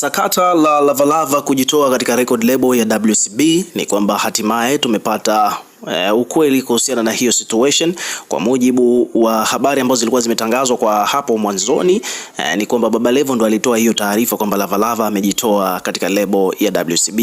Sakata la Lavalava kujitoa katika record label ya WCB ni kwamba hatimaye tumepata uh, ukweli kuhusiana na hiyo situation. Kwa mujibu wa habari ambazo zilikuwa zimetangazwa kwa hapo mwanzoni, uh, ni kwamba Baba Levo ndo alitoa hiyo taarifa kwamba Lavalava amejitoa katika lebo ya WCB,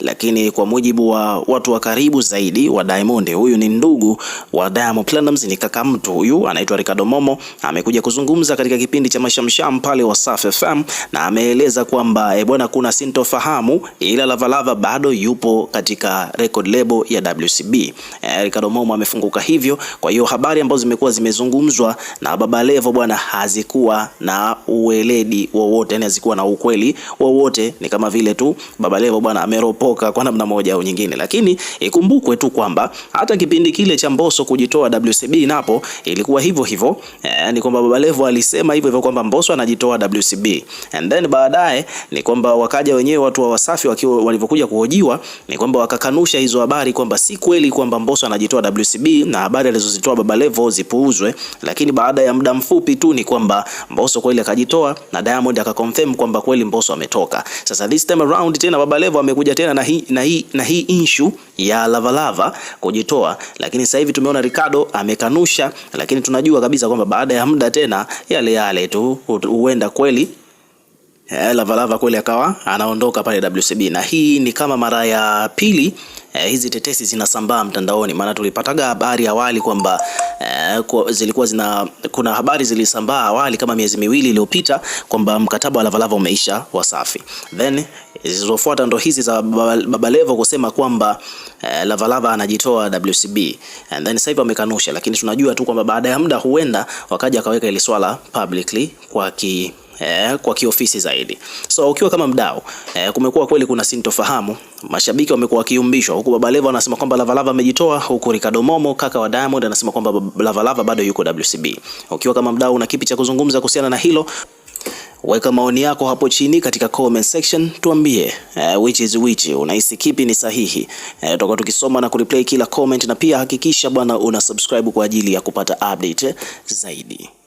lakini kwa mujibu wa watu wa karibu zaidi wa Diamond, huyu ni ndugu wa Diamond Platnumz, ni kaka mtu huyu anaitwa Ricardo Momo, amekuja kuzungumza katika kipindi cha Mashamsham pale Wasafi FM na ameeleza kwamba e, bwana kuna sintofahamu, ila Lavalava bado yupo katika record label ya WCB eh, Ricardo Momo amefunguka hivyo. Kwa hiyo habari ambazo zimekuwa zimezungumzwa na Baba Levo bwana, hazikuwa na uweledi wowote, yani hazikuwa na ukweli wowote, ni kama vile tu Baba Levo bwana ameropoka kwa namna moja au nyingine, lakini ikumbukwe tu kwamba hata kipindi kile cha Mbosso kujitoa WCB napo ilikuwa hivyo hivyo, eh, ni kwamba Baba Levo alisema hivyo hivyo kwamba Mbosso anajitoa WCB and then baadaye ni kwamba wakaja wenyewe watu wa Wasafi wakiwa walivyokuja kuhojiwa ni kwamba wakakanusha hizo habari kwamba si kweli kwamba kwamba Mbosso anajitoa WCB na habari alizozitoa Baba Levo zipuuzwe, lakini baada ya muda mfupi tu ni kwamba Mbosso kweli akajitoa na Diamond akakonfirm kwamba kweli Mbosso ametoka. Sasa this time around tena Baba Levo amekuja tena na hii na hii na hii issue ya Lava lava kujitoa, lakini sasa hivi tumeona Ricardo amekanusha, lakini tunajua kabisa kwamba baada ya muda tena yale yale tu huenda kweli eh, Lavalava kweli akawa anaondoka pale WCB, na hii ni kama mara ya pili eh, hizi tetesi zinasambaa mtandaoni. Maana tulipataga habari awali kwamba eh, kwa, zilikuwa zina kuna habari zilisambaa awali kama miezi miwili iliyopita kwamba mkataba wa Lavalava umeisha Wasafi, then zilizofuata ndo hizi za Babalevo kusema kwamba eh, Lavalava anajitoa WCB and then sasa hivi amekanusha, lakini tunajua tu kwamba baada ya muda huenda wakaja akaweka ile swala publicly kwa ki eh, kwa kiofisi zaidi. So ukiwa kama mdau eh, kumekuwa kweli kuna sintofahamu, mashabiki wamekuwa wakiumbishwa, huku Baba Levo anasema kwamba Lavalava amejitoa, huku Ricardo Momo kaka wa Diamond anasema kwamba Lavalava bado yuko WCB. Ukiwa kama mdau, una kipi cha kuzungumza kuhusiana na hilo? Weka maoni yako hapo chini katika comment section, tuambie uh, which is which, unahisi kipi ni sahihi? Eh, tutakuwa uh, tukisoma na kureplay kila comment, na pia hakikisha bwana una subscribe kwa ajili ya kupata update zaidi.